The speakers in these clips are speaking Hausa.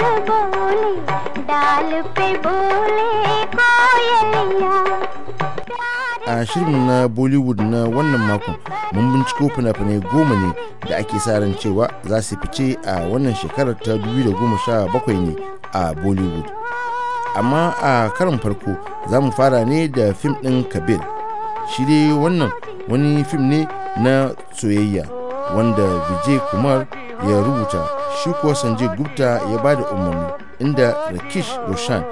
बोले डाल पे a shirin na bollywood na wannan makon mun binciko fina-finai goma ne da ake sa ran cewa za su fice a wannan shekarar ta 2017 ne a bollywood amma a karin farko za mu fara ne da fim ɗin kabil shi dai wannan wani fim ne na soyayya wanda vijay kumar ya rubuta shi kuwa sanjay gupta ya ba da umarni inda rakish roshan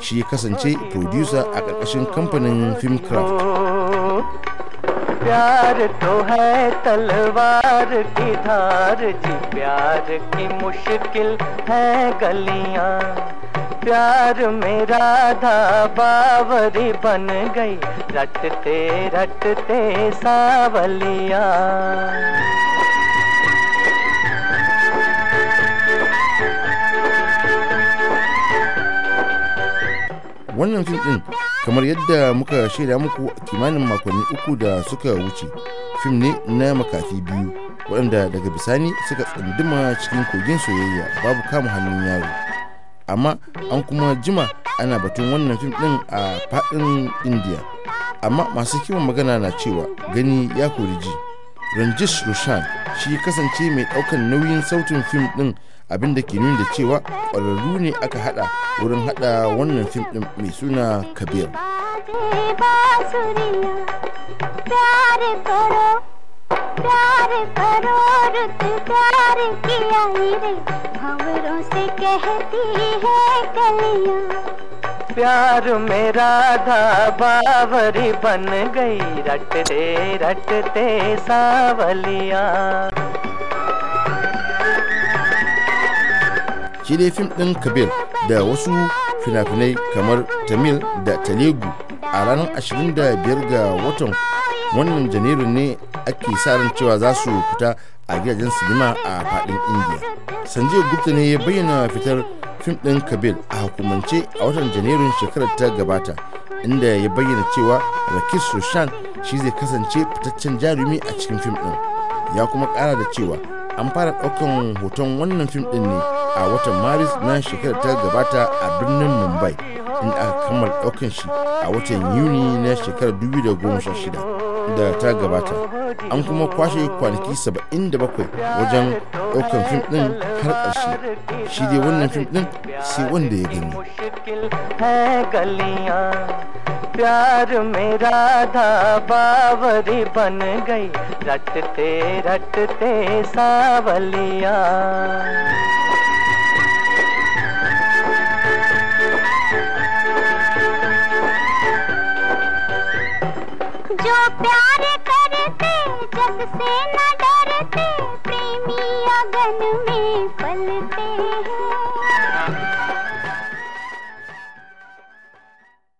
shi ya kasance producer a ƙarƙashin kamfanin filmcraft प्यार तो है तलवार की धार जी प्यार की मुश्किल है गलियां प्यार मेरा था बावरी बन गई रटते रटते Savaliya wannan fim din kamar yadda muka shaida muku kimanin makonni uku da suka wuce fim ne na makafi biyu waɗanda daga bisani suka tsanduma cikin kogin soyayya babu kama hannun yaro amma an kuma jima ana batun wannan fim din a faɗin indiya amma masu kiwon magana na cewa gani ya kori ji ranjish roshan shi kasance mai ɗaukan nauyin sautin fim din abin da ke nuna da cewa ƙwararru ne aka hada wurin hada wannan fim din mai suna kabir प्यार मेरा रुत प्यार बावरी बन गई रटते रटते Savaliya shi dai fim ɗin kabil da wasu finafinai kamar tamil da talegu a ranar 25 ga watan wannan janairu ne ake sa ran cewa za su fita a gidajen sinima a faɗin indiya sanjay gupta ne ya bayyana fitar fim ɗin kabil a hukumance a watan janairun shekarar ta gabata inda ya bayyana cewa rakis roshan shi zai kasance fitaccen jarumi a cikin fim ɗin ya kuma ƙara da cewa an fara ɗaukan hoton wannan fim ɗin ne a watan maris na shekarar ta gabata a birnin mumbai inda aka kammala ɗaukan shi a watan yuni na shekarar 2016 da ta gabata an kuma kwashe kwanaki saba'in 77 wajen ɗaukan fim ɗin har ƙarshe shi dai wannan fim ɗin sai wanda ya gani प्यार मेरा था बावरी बन गई रटते रटते सावलिया जो प्यार करते जग से न डरते प्रेमी अगन में पलते हैं